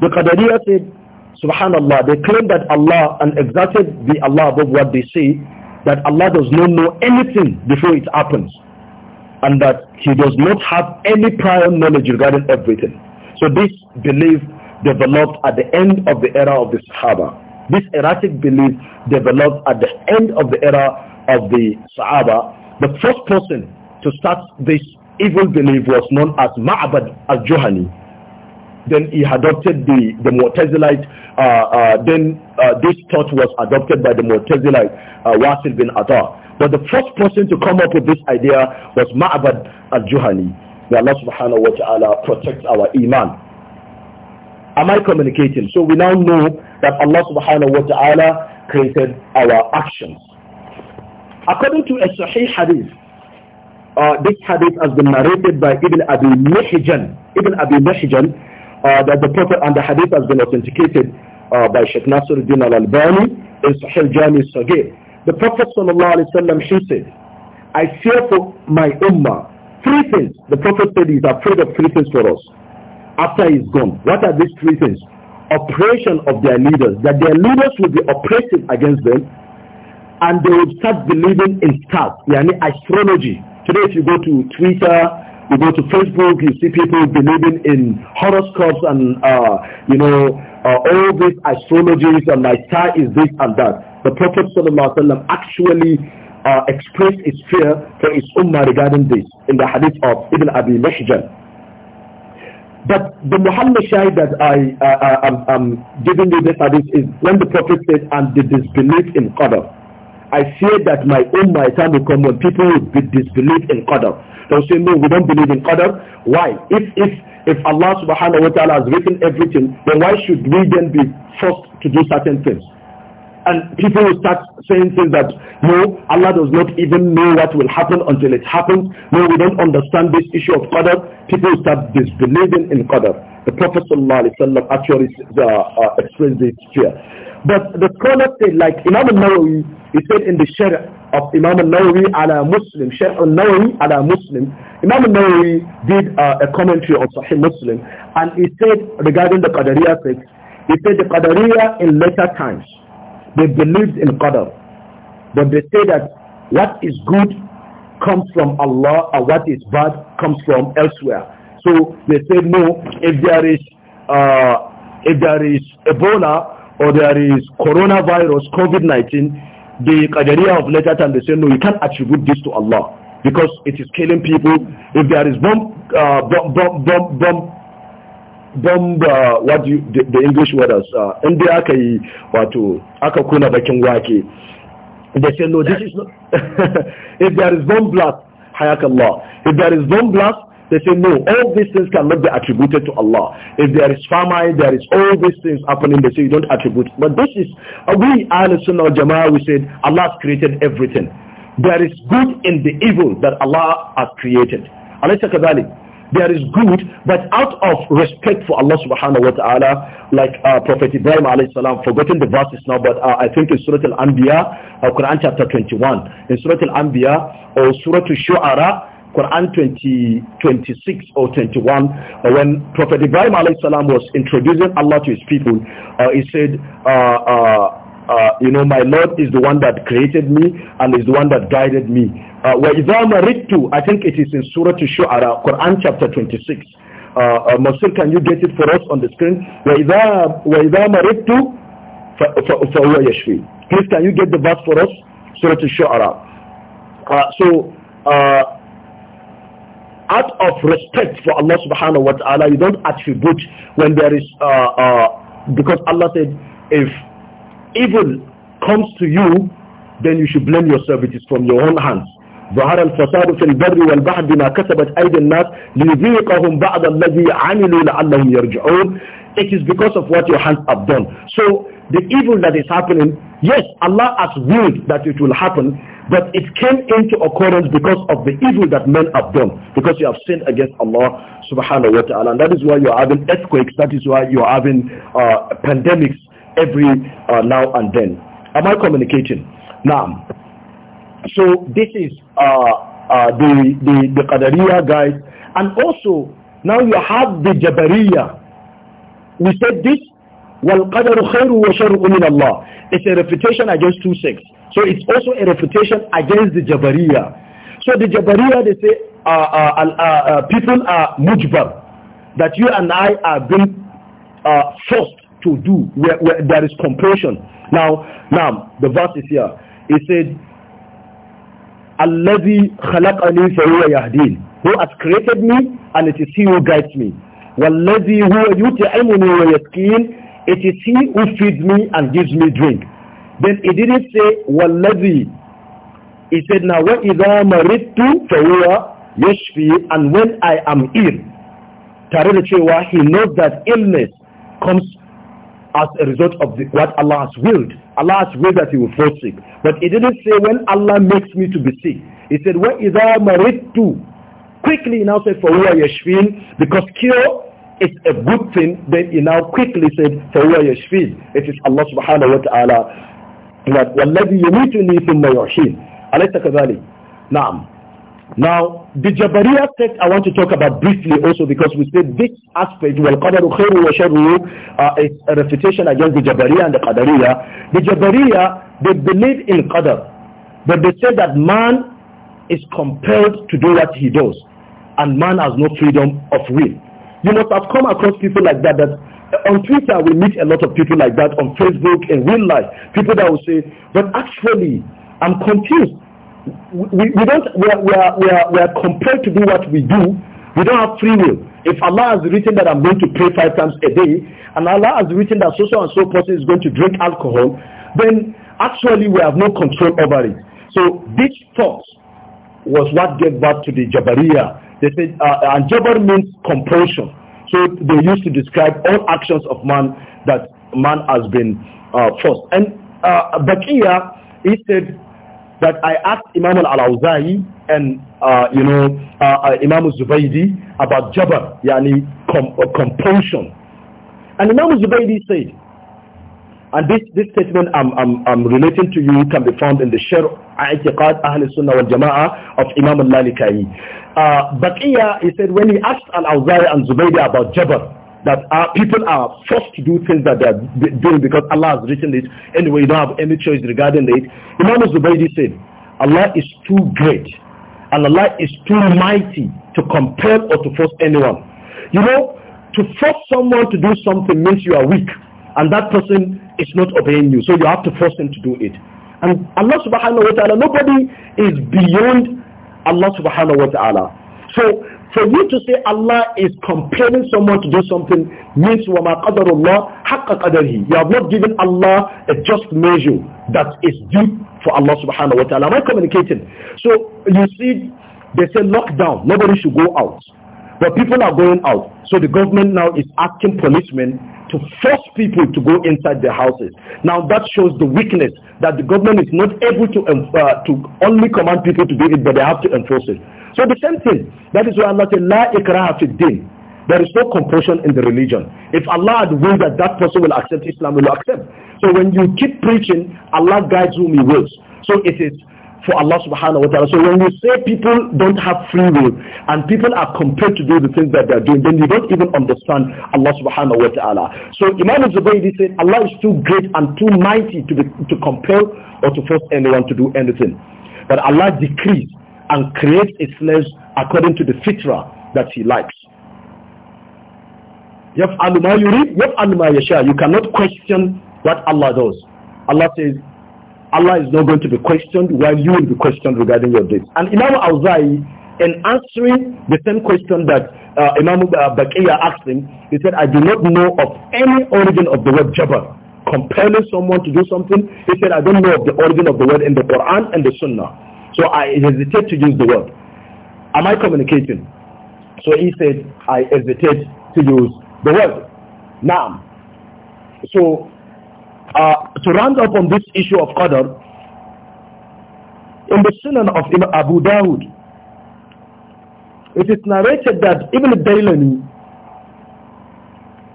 The Qadariya said, Subhanallah, they claim that Allah and exalted the Allah above what they say, that Allah does not know anything before it happens and that he does not have any prior knowledge regarding everything. So this belief developed at the end of the era of the Sahaba. This erratic belief developed at the end of the era of the Sahaba. The first person to start this evil belief was known as Ma'bad al-Juhani then he adopted the, the Mu'tazilite, uh, uh, then uh, this thought was adopted by the Mu'tazilite, uh, Wasil bin Ata. But the first person to come up with this idea was Ma'abad al-Juhani. May Allah subhanahu wa ta'ala protect our iman. Am I communicating? So we now know that Allah subhanahu wa ta'ala created our actions. According to a Sahih hadith, uh, this hadith has been narrated by Ibn Abi Muhijan, Ibn Abi Muhijan uh, that the Prophet and the Hadith has been authenticated uh, by Sheikh Nasruddin al-Albani in Sahih Jami Sagir. The Prophet sallallahu alaihi wasallam said, I fear for my ummah three things. The Prophet said he's afraid of three things for us after he's gone. What are these three things? Oppression of their leaders, that their leaders will be oppressive against them, and they will start believing in stars, yani astrology. Today, if you go to Twitter, you go to Facebook, you see people believing in horoscopes and, uh, you know, uh, all these astrologies and my star is this and that. The Prophet actually uh, expressed his fear for his ummah regarding this in the hadith of Ibn Abi Masjid. But the Muhammad Shahid that I, am uh, uh, giving you this hadith is when the Prophet said, and they disbelieve in Qadr. I fear that my own my time will come when people will be disbelieve in Qadr. They'll say, no, we don't believe in Qadr. Why? If, if, if Allah subhanahu wa ta'ala has written everything, then why should we then be forced to do certain things? And people will start saying things that, no, Allah does not even know what will happen until it happens. No, we don't understand this issue of Qadr. People will start disbelieving in Qadr. The Prophet ﷺ actually uh, uh, expressed this fear. But the scholar said, like Imam al-Nawawi, he said in the Shariah of Imam al-Nawawi ala Muslim, Shariah al-Nawawi ala Muslim, Imam al-Nawawi did uh, a commentary on Sahih Muslim, and he said regarding the Qadariya sect, he said the Qadariya in later times, they believed in Qadar, but they say that what is good comes from Allah and what is bad comes from elsewhere. So they say no, if there is, uh, if there is Ebola, or there is coronavirus, COVID-19, the Qadariya of later time, they say, no, you can't attribute this to Allah because it is killing people. If there is bomb, uh, bomb, bomb, bomb, bomb, uh, what you, the, the English word is, uh, in dai aka yi they say, no, this is not, if there is bomb blast, hayakallah, if there is bomb blast, they say, no, all these things cannot be attributed to Allah. If there is famine, there is all these things happening, they say you don't attribute. But this is, uh, we Ahl Sunnah Jama'ah, we said Allah has created everything. There is good in the evil that Allah has created. Alayhi Kadalik there is good, but out of respect for Allah subhanahu wa ta'ala, like uh, Prophet Ibrahim alayhi salam, forgotten the verses now, but uh, I think in Surah Al-Anbiya, uh, Quran chapter 21, in Surah Al-Anbiya or Surah Al-Shu'ara, Quran 20, 26 or 21, uh, when Prophet Ibrahim salam was introducing Allah to his people, uh, he said, uh, uh, uh, you know, my Lord is the one that created me and is the one that guided me. Uh, وَإِذَا مَرِدْتُ I think it is in Surah Shu'ara, Quran chapter 26. Uh, uh, Masir, can you get it for us on the screen? وَإِذَا, وإذا مَرِدْتُ فَهُوَ يَشْفِي Please, can you get the verse for us? Surah Shu'ara. Uh, so, uh, out of respect for Allah subhanahu wa ta'ala, you don't attribute when there is, uh, uh, because Allah said, if evil comes to you, then you should blame yourself. It is from your own hands. ظهر الفساد في البر والبحر بما كسبت أيدي الناس ليذيقهم بعض الذي عملوا لعلهم يرجعون It is because of what your hands have done. So the evil that is happening, yes, Allah has willed that it will happen, but it came into occurrence because of the evil that men have done, because you have sinned against Allah subhanahu wa ta'ala. And that is why you are having earthquakes, that is why you are having uh, pandemics every uh, now and then. Am I communicating? Now, so this is uh, uh the, the, the Qadariya guys. And also, now you have the Jabariya. We said this وَالْقَدَرُ خَيْرُ وَشَرُّ مِنَ اللَّهِ It's a refutation against two sects. So it's also a refutation against the Jabariya. So the Jabariya, they say, uh, uh, uh, uh, people are mujbar, that you and I are being uh, forced to do, where, where there is compulsion. Now, now, the verse is here. It said, الَّذِي خَلَقَنِي فَهُوَ يَهْدِينَ Who has created me, and it is he who guides me. وَالَّذِي هُوَ يُتِعِمُنِي وَيَسْكِينَ it is he who feeds me and gives me drink. Then he didn't say, Wallazi. He said, now, وَإِذَا to فَهُوَ يَشْفِي And when I am ill, tare he knows that illness comes as a result of the, what Allah has willed. Allah has willed that he will fall sick. But he didn't say, when Allah makes me to be sick. He said, وَإِذَا مَرِدْتُ Quickly he now said, فَهُوَ يَشْفِينَ Because cure it's a good thing, then he now quickly said, فَهُوَ يَشْفِيهِ It is Allah subhanahu wa ta'ala that وَالَّذِي يُمِيتُنِي ثُمَّ يُحْيِينِ أَلَيْسَ كَذَلِكَ Naam. Now, the Jabariya sect I want to talk about briefly also because we said this aspect, well, qadaru khairu wa uh, is a refutation against the Jabariya and the Qadariya. The Jabariya, they believe in Qadar, but they say that man is compelled to do what he does, and man has no freedom of will. You must have come across people like that. That uh, on Twitter we meet a lot of people like that. On Facebook, in real life, people that will say, "But actually, I'm confused. We, we don't. We are, we are we are we are compelled to do what we do. We don't have free will. If Allah has written that I'm going to pray five times a day, and Allah has written that so so and so person is going to drink alcohol, then actually we have no control over it. So this thought was what gave birth to the Jabariya they said, uh, and jabar means compulsion. So they used to describe all actions of man that man has been uh, forced. And uh, Bakia, he said that I asked Imam al awzai and, uh, you know, uh, uh Imam Zubaydi about jabar, yani com uh, compulsion. And Imam Zubaydi said, and this, this statement I'm, I'm, I'm relating to you can be found in the Share A'iqad Ahl Sunnah wal Jama'ah of Imam al-Lalikai. Uh, Bakiya, he said, when he asked Al-Awzari and Zubaydah about Jabr, that our people are forced to do things that they're doing because Allah has written it. Anyway, you don't have any choice regarding it. Imam Zubaydi said, Allah is too great and Allah is too mighty to compel or to force anyone. You know, to force someone to do something means you are weak and that person is not obeying you. So you have to force them to do it. And Allah subhanahu wa ta'ala, nobody is beyond Allah subhanahu wa ta'ala. So for you to say Allah is compelling someone to do something means وَمَا قَدَرُ اللَّهِ حَقَّ قَدَرِهِ You have not given Allah a just measure that is due for Allah subhanahu wa ta'ala. Am I communicating? So you see, they say lockdown. Nobody should go out. But people are going out. So the government now is asking policemen to force people to go inside their houses. Now that shows the weakness that the government is not able to, um, uh, to only command people to do it, but they have to enforce it. So the same thing. That is why Allah said, La ikraha fi din. There is no compulsion in the religion. If Allah had willed that that person will accept Islam, will accept. So when you keep preaching, Allah guides whom He wills. So it is for Allah subhanahu wa ta'ala. So when you say people don't have free will and people are compelled to do the things that they're doing, then you don't even understand Allah subhanahu wa ta'ala. So Imam Zubaydi said Allah is too great and too mighty to, be, to compel or to force anyone to do anything. But Allah decrees and creates its slaves according to the fitrah that he likes. You cannot question what Allah does. Allah says, Allah is not going to be questioned while you will be questioned regarding your deeds. And Imam Al-Zai, in answering the same question that uh, Imam Al uh, Bakiya asked him, he said, I do not know of any origin of the word Jabbar. Compelling someone to do something, he said, I don't know of the origin of the word in the Quran and the Sunnah. So I hesitate to use the word. Am I communicating? So he said, I hesitate to use the word. Now, so uh, to round up on this issue of Qadr, in the Sunan of Imam Abu Dawud, it is narrated that Ibn Daylani,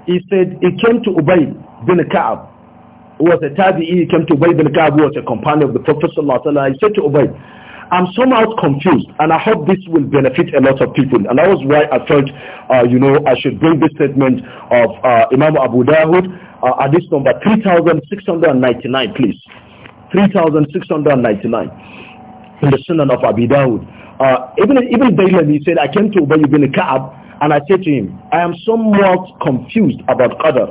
he said he came to Ubay bin Ka'ab, who was a tabi'i, he came to Ubay bin Ka'ab, who was a companion of the Prophet Sallallahu he said to Ubay, I'm somehow confused and I hope this will benefit a lot of people. And that was why I felt, uh, you know, I should bring this statement of uh, Imam Abu Dawud uh, at this number 3699 please 3699 in the sunan of Abidahud. uh, even even Bailey said I came to you been a cab. and I said to him I am somewhat confused about Qadr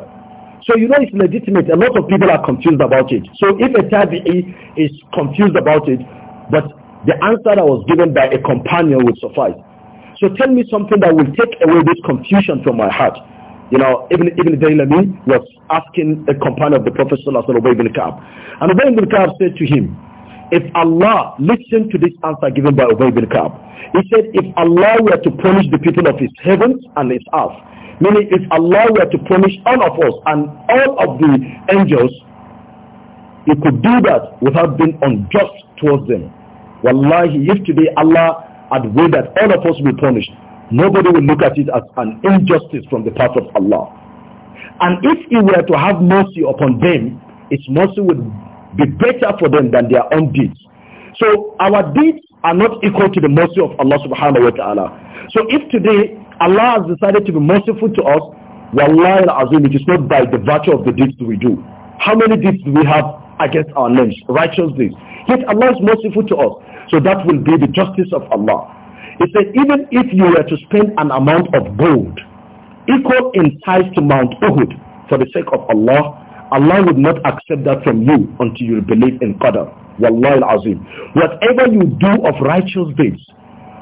so you know it's legitimate a lot of people are confused about it so if a tabi'i is confused about it but the answer that was given by a companion would suffice so tell me something that will take away this confusion from my heart you know, even the Daylami was asking a companion of the Prophet Sallallahu Alaihi Wasallam, And Ubay ibn Ka'ab said to him, if Allah, listen to this answer given by Ubay ibn Ka'ab. He said, if Allah were to punish the people of his heavens and his earth, meaning if Allah were to punish all of us and all of the angels, he could do that without being unjust towards them. Wallahi, if today Allah had willed that all of us will be punished, Nobody will look at it as an injustice from the part of Allah. And if He were to have mercy upon them, His mercy would be better for them than their own deeds. So our deeds are not equal to the mercy of Allah subhanahu wa ta'ala. So if today Allah has decided to be merciful to us, wallahi al-azim, it is not by the virtue of the deeds we do. How many deeds do we have against our names? Righteous deeds. Yet Allah is merciful to us. So that will be the justice of Allah. It said, even if you were to spend an amount of gold equal in size to Mount Uhud for the sake of Allah, Allah would not accept that from you until you believe in Qadr. Wallahi al-Azim. Whatever you do of righteous deeds,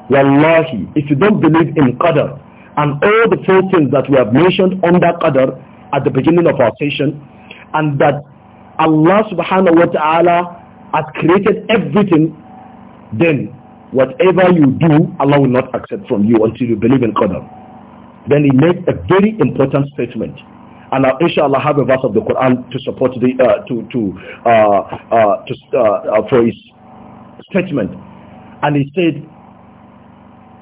Wallahi, if you don't believe in Qadr and all the four things that we have mentioned under Qadr at the beginning of our session, and that Allah subhanahu wa ta'ala has created everything, then whatever you do, Allah will not accept from you until you believe in Qadr. Then he made a very important statement. And now, inshallah, have a verse of the Quran to support the, uh, to, to, uh, uh, to uh, uh, for his statement. And he said,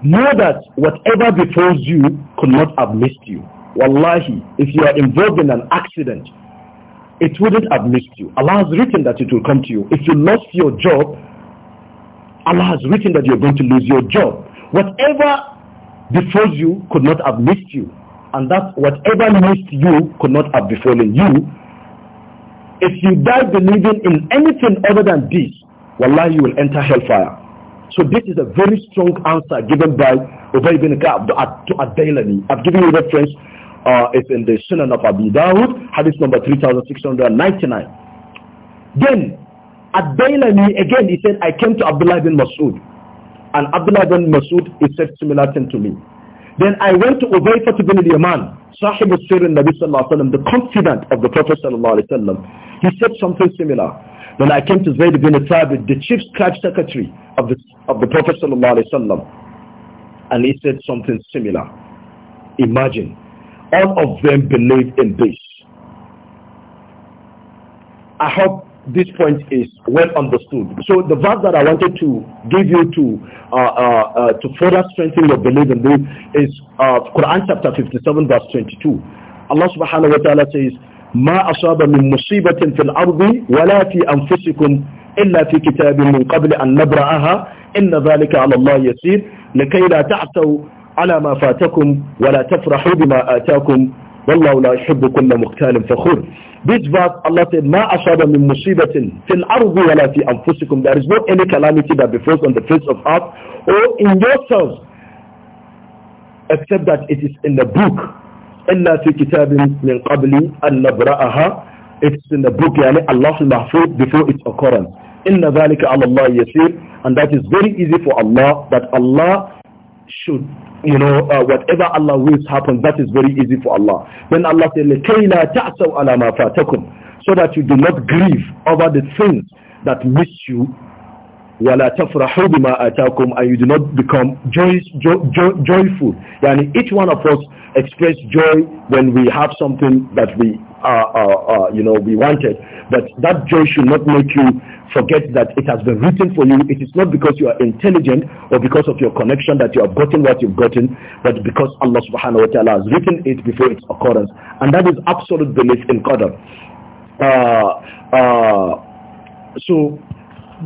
know that whatever befalls you could not have missed you. Wallahi, if you are involved in an accident, it wouldn't have missed you. Allah has written that it will come to you. If you lost your job, Allah has written that you're going to lose your job. Whatever befalls you could not have missed you. And that whatever missed you could not have befallen you. If you die believing in anything other than this, wallahi you will enter hellfire. So this is a very strong answer given by Ubay ibn Ka'ab to dailani I've given you reference. Uh, it's in the Sunan of Abu Dawud, hadith number 3699. Then at dailami again, he said, I came to Abdullah bin Masud. And Abdullah bin Masud, he said similar thing to me. Then I went to Ubayfat bin al-Yaman, Sahib al nabi sallallahu alayhi wa the confidant of the Prophet sallallahu alayhi wa He said something similar. Then I came to Zayd bin Thabit, the chief scribe secretary of the, of the Prophet sallallahu alayhi wa And he said something similar. Imagine, all of them believe in this. I hope this point is well understood. So the verse that I wanted to give you to uh, uh, uh to further strengthen your belief in this is uh, Quran chapter 57 verse 22. Allah subhanahu wa ta'ala says, ما أصاب من مصيبة في الأرض ولا في أنفسكم إلا في كتاب من قبل أن نبرأها إن ذلك على الله يسير لكي لا تعتوا على ما فاتكم ولا تفرحوا بما آتاكم والله لا يحب كل مختال فخور This verse, Allah said, ما أصاب من مصيبة في الأرض ولا في أنفسكم There is no any calamity that befalls on the face of earth or in yourselves except that it is in the book. إِلَّا فِي كِتَابٍ مِنْ قَبْلِ أَنْ نَبْرَأَهَا It's in the book, يعني الله المحفوظ before its occurrence. إِنَّ ذَلِكَ عَلَى اللَّهِ يَسِيرٌ And that is very easy for Allah, that Allah should, you know, uh, whatever Allah wills happen, that is very easy for Allah. When Allah says, لَكَيْلَا تَعْسَوْا عَلَى So that you do not grieve over the things that miss you wala tafrahu bima atakum and you do not become joy, joy, joy, joyful And each one of us express joy when we have something that we uh, uh, uh, you know we wanted but that joy should not make you forget that it has been written for you it is not because you are intelligent or because of your connection that you have gotten what you've gotten but because Allah subhanahu wa ta'ala has written it before its occurrence and that is absolute belief in qadar uh, uh, so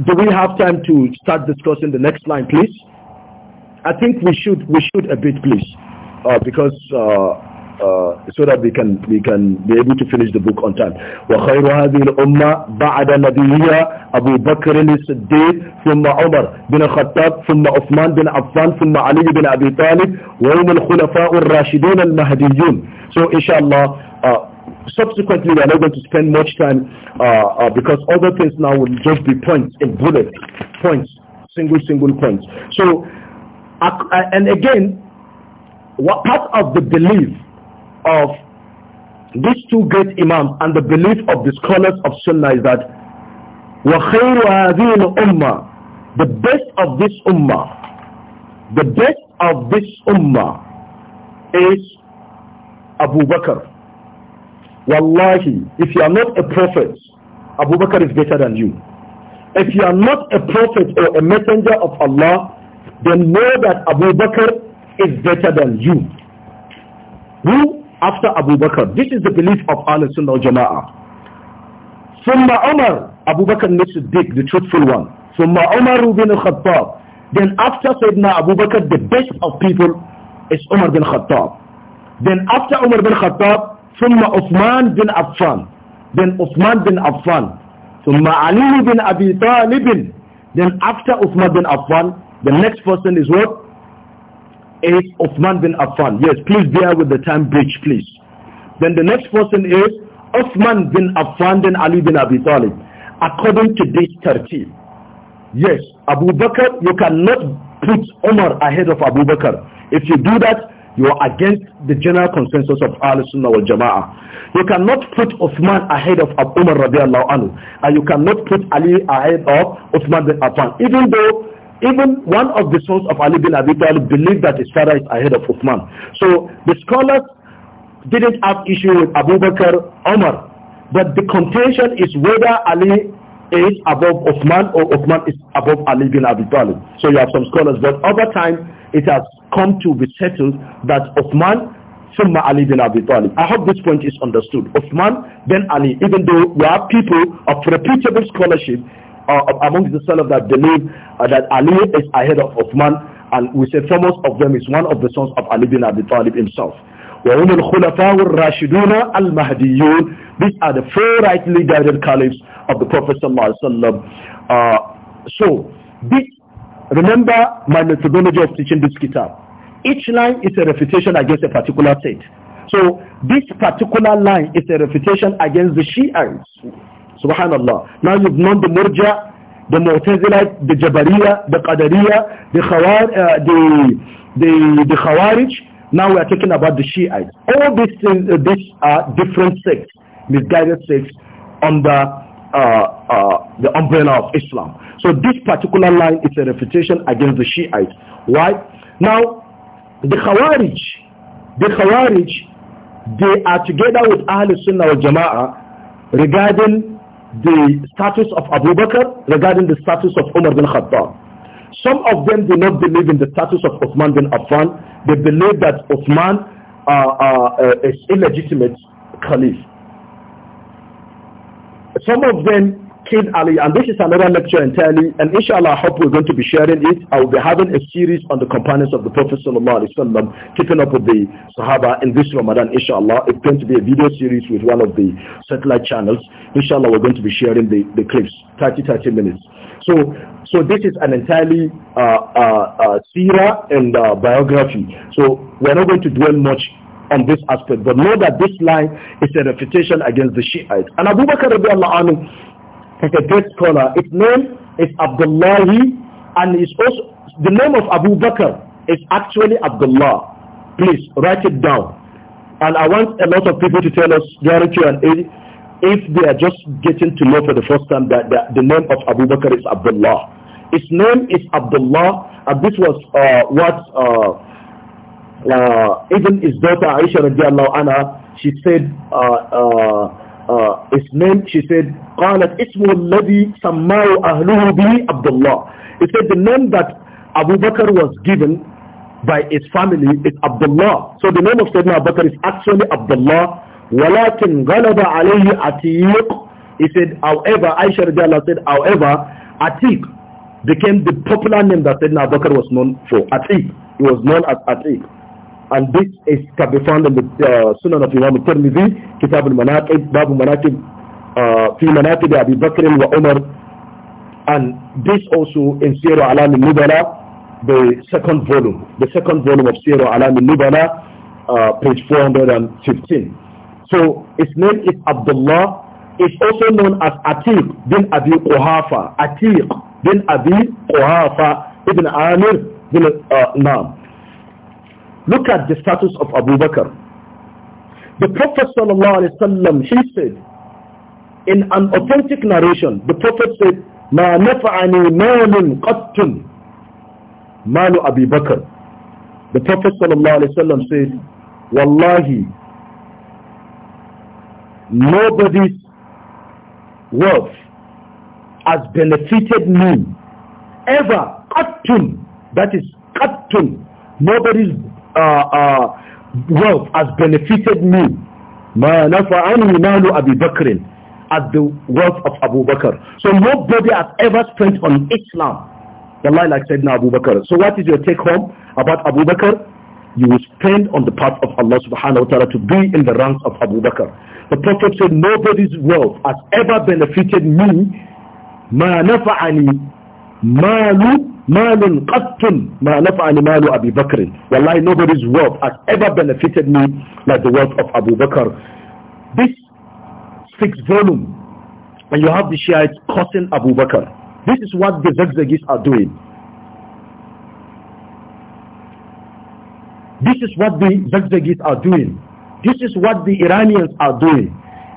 do we have time to start discussing the next line, please? I think we should we should a bit, please, uh, because uh, uh, so that we can we can be able to finish the book on time. وخير هذه الأمة بعد نبيها أبو بكر الصديق ثم عمر بن الخطاب ثم عثمان بن عفان ثم علي بن أبي طالب وهم الخلفاء الراشدون المهديون. So inshallah. Uh, subsequently we are not going to spend much time uh, uh, because other things now will just be points in bullet points single single points so uh, and again what part of the belief of these two great imams and the belief of the scholars of sunnah is that وَخَيْرُ ummah, the best of this ummah the best of this ummah is Abu Bakr Wallahi, if you are not a prophet, Abu Bakr is better than you. If you are not a prophet or a messenger of Allah, then know that Abu Bakr is better than you. Who? After Abu Bakr. This is the belief of Al Sunnah al Jama'ah. Summa Umar, Abu Bakr Siddiq, the truthful one. Summa Umar bin Khattab. Then after Sayyidina Abu Bakr, the best of people is Umar bin Khattab. Then after Umar bin Khattab, ثم عثمان بن عفان then Uthman bin Affan ثم علي بن أبي طالب then after Uthman bin Affan the next person is what is Uthman bin Affan yes please bear with the time bridge, please then the next person is Uthman bin Affan then Ali bin Abi Talib according to this 13 yes Abu Bakr you cannot put Omar ahead of Abu Bakr if you do that you are against the general consensus of Ahl Sunnah wal Jama'ah. You cannot put Uthman ahead of Abu Umar radiallahu anhu, and you cannot put Ali ahead of Uthman bin Affan, even though even one of the sons of Ali bin Abi Talib believed that his father is ahead of Uthman. So the scholars didn't have issue with Abu Bakr, Umar, but the contention is whether Ali is above Uthman or Uthman is above Ali bin Abi Talib. So you have some scholars, but over time it has come to be settled that Uthman Summa Ali bin Abi Talib. I hope this point is understood. Uthman, then Ali, even though we are people of reputable scholarship uh, amongst the scholars that believe uh, that Ali is ahead of Uthman, and we say foremost of them is one of the sons of Ali bin Abi Talib himself. وهم الخلفاء الراشدون المهديون These are the four rightly guided caliphs of the Prophet sallallahu alaihi wasallam. Uh, so, this, remember my methodology of teaching this kitab each line is a refutation against a particular state. So this particular line is a refutation against the Shiites. Subhanallah. Now you've known the Murja, the Mu'tazilite, the Jabariya, the Qadariya, the, Khawar, uh, the, the, the Khawarij. Now we are talking about the Shiites. All these things, uh, these are different sects, misguided sects under uh, uh the umbrella of Islam. So this particular line is a refutation against the Shiites. Why? Now the Khawarij, the Khawarij, they are together with Ahl Sunnah wal Jama'ah regarding the status of Abu Bakr, regarding the status of Umar bin Khattab. Some of them do not believe in the status of Uthman bin Affan. They believe that Uthman uh, uh, uh is illegitimate caliph. Some of them Ali, and this is another lecture entirely, and inshallah, I hope we're going to be sharing it. I will be having a series on the companions of the Prophet Sallallahu Alaihi Wasallam, keeping up with the Sahaba in this Ramadan, inshallah. It's going to be a video series with one of the satellite channels. Inshallah, we're going to be sharing the, the clips, 30, 30 minutes. So, so this is an entirely uh, uh, uh, seerah and uh, biography. So we're not going to dwell much on this aspect. But know that this line is a refutation against the Shiites. And Abu Bakr as a great scholar. his name is Abdullahi, and is also the name of Abu Bakr is actually Abdullah. Please write it down. And I want a lot of people to tell us during Q&A if they are just getting to know for the first time that, that the name of Abu Bakr is Abdullah. His name is Abdullah, and this was uh, what uh, uh, even his daughter Aisha radiallahu anha, she said, uh, uh, uh, his name, she said, قالت اسمه الذي سماه أهله به عبد الله It said the name that Abu Bakr was given by his family is Abdullah. So the name of Sayyidina Abu Bakr is actually Abdullah. ولكن غلب عليه عتيق He said, however, Aisha radiallahu said, however, Atiq became the popular name that Sayyidina Abu Bakr was known for. Atiq. He was known as Atiq. And this is, can be found in the uh, Sunan of Imam tirmidhi Kitab al-Manaqib, Babu Manaqib, uh, في مناقب أبي بكر وعمر and this also in Sirah Alam al the second volume the second volume of Sirah Alam al uh, page 415 so his name is Abdullah it's also known as Atiq bin Abi Quhafa Atiq bin Abi Quhafa ibn Amir bin uh, Nam look at the status of Abu Bakr the Prophet sallallahu alaihi wasallam he said in an authentic narration, the Prophet said, "Ma نفعني مال قط مال abi Bakr." The Prophet sallallahu said, Wallahi, nobody's wealth has benefited me ever. Qattun, that is qattun. Nobody's uh, uh, wealth has benefited me. ما نفعني مال أبي بكر at the wealth of Abu Bakr. So nobody has ever spent on Islam. The lie like Sayyidina Abu Bakr. So what is your take home about Abu Bakr? You will spend on the path of Allah subhanahu wa ta'ala to be in the ranks of Abu Bakr. The Prophet said, nobody's wealth has ever benefited me. Ma نفعني مال malun qattun ma nafa'ani malu Abu Bakr. Wallahi nobody's wealth has ever benefited me like the wealth of Abu Bakr. This six volume, and you have the Shiites cursing Abu Bakr. This is what the Zagzagis are doing. This is what the Zagzagis are doing. This is what the Iranians are doing.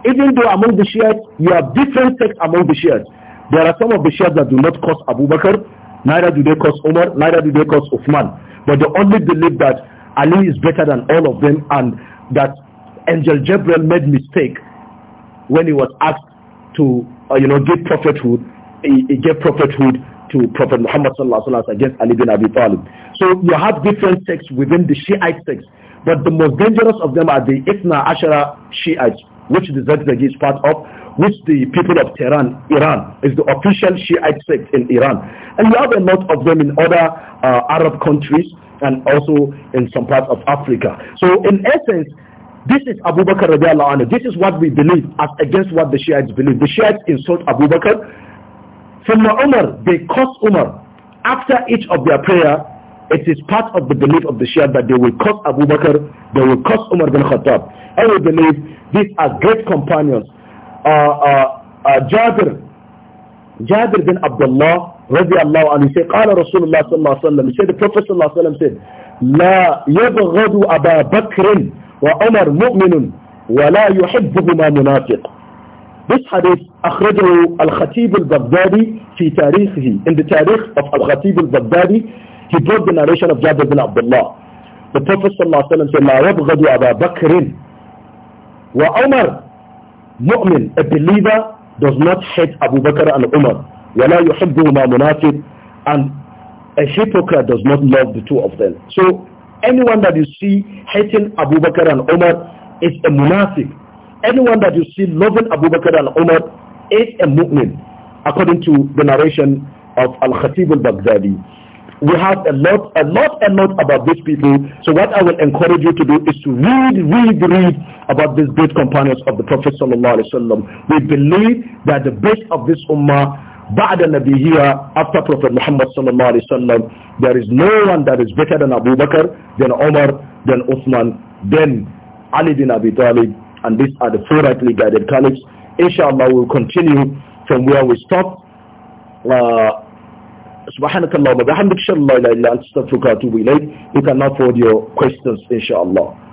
Even though among the Shiites, you have different sects among the Shiites. There are some of the Shiites that do not curse Abu Bakr, neither do they curse Omar, neither do they curse Uthman. But they only believe that Ali is better than all of them and that Angel Gabriel made mistake when he was asked to, uh, you know, give prophethood, he, he gave prophethood to Prophet Muhammad sallallahu alaihi wasallam against Ali bin Abi Talib. So you have different sects within the Shiite sects, but the most dangerous of them are the Ithna Ashara Shiites, which the Zagzag is part of, which the people of Tehran, Iran, is the official Shiite sect in Iran. And you have a lot of them in other uh, Arab countries and also in some parts of Africa. So in essence, this is Abu Bakr radiallahu anhu. This is what we believe as against what the Shiites believe. The Shiites insult Abu Bakr. From Umar, they curse Umar. After each of their prayer, it is part of the belief of the Shia that they will curse Abu Bakr, they will curse Umar bin Khattab. And we believe these are great companions. Uh, uh, uh, Jabir, bin Abdullah radiallahu anhu said, قال Rasulullah sallallahu صلى الله he said, the Prophet sallallahu الله عليه وسلم said, La يبغض أبا بكر وعمر مؤمن ولا يحبهما منافق This hadith أخرجه الخطيب البغدادي في تاريخه in the tarikh of الخطيب البغدادي he brought the narration of Jabir bin Abdullah the Prophet صلى الله عليه وسلم said لا يبغض أبا بكر وعمر مؤمن a believer does not hate Abu Bakr and Umar ولا يحبهما منافق and a hypocrite does not love the two of them so Anyone that you see hating Abu Bakr and Umar is a munafiq. Anyone that you see loving Abu Bakr and Umar is a mu'min, according to the narration of Al-Khatib al-Baghdadi. We have a lot, a lot, a lot about these people. So what I will encourage you to do is to read, read, read about these great companions of the Prophet Sallallahu Alaihi Wasallam. We believe that the best of this ummah بعد النبيية after Prophet Muhammad صلى الله عليه وسلم there is no one that is better than Abu Bakr than Omar than Uthman than Ali bin Abi Talib and these are the four rightly guided caliphs inshallah we'll continue from where we stopped uh, سبحانك اللهم وبحمدك اشهد ان لا اله الا انت استغفرك واتوب اليك you can now forward your questions inshallah